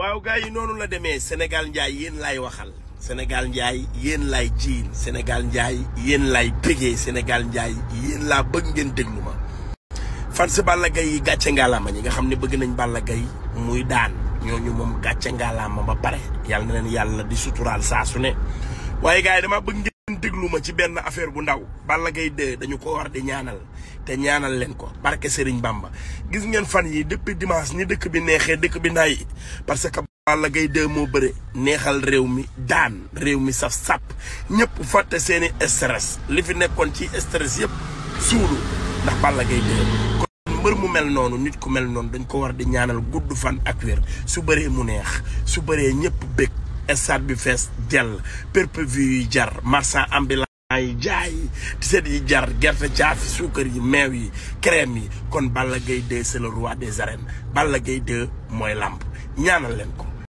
waaw gars yi noonu la demee Sénégal Ndiaye yéen laay waxal Sénégal Ndiaye yéen laay jiin Sénégal Ndiaye yéen laay bégee Sénégal Ndiaye yéen laa bëgg ngeen déglu ma. fans Balla Gaye yi gàcce ngaalaama ñi nga xam ne bëgg nañ Balla Gaye muy daan ñooñu moom gàcce ngaalaama ba pare yàlla na leen yàlla di suturaal saa su ne waaye gars yi dama bëgg ngeen ci benn affaire bu ndaw bàll Gaye 2 dañu ko war di ñaanal te ñaanal leen ko barke Serigne Bamba gis ngeen fan yi depuis dimanche ni dëkk bi neexee dëkk bi nay parce que Balla Gaye 2 moo bëre neexal réew mi daan réew mi saf sàpp ñëpp fàtte seeni stress li fi nekkoon ci stress yëpp suulu ndax Balla Gaye mu mel noonu nit ku mel noonu dañ ko war di ñaanal gudd fan ak wér su bëree mu neex su bëree ñëpp bëgg stade bi fees dell perpévu yi jar marchand ambulant yi jaay tiset yi jar gerte caafi suukar yi meew yi crème yi kon Balla Gaye 2 c'est roi des arènes Balla Gaye 2 mooy làmb ñaanal ko